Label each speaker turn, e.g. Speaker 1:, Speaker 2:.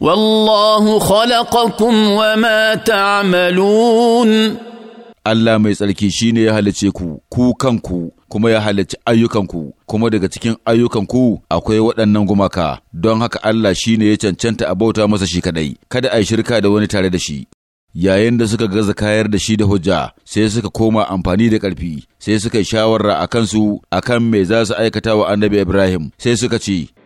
Speaker 1: والله خلقكم وما تعملون Allah mai tsarki shi ne ya halicce ku, ku kanku, kuma ya halice ayyukanku, kuma daga cikin ayyukanku akwai waɗannan gumaka, don haka Allah shi ne ya cancanta a bauta masa shi kaɗai, kada a yi shirka da wani tare da shi. Yayin da suka gaza kayar da shi da hujja, sai suka koma amfani da ƙarfi, sai suka yi shawara a kansu a kan me za su aikata wa annabi Ibrahim, sai suka ce,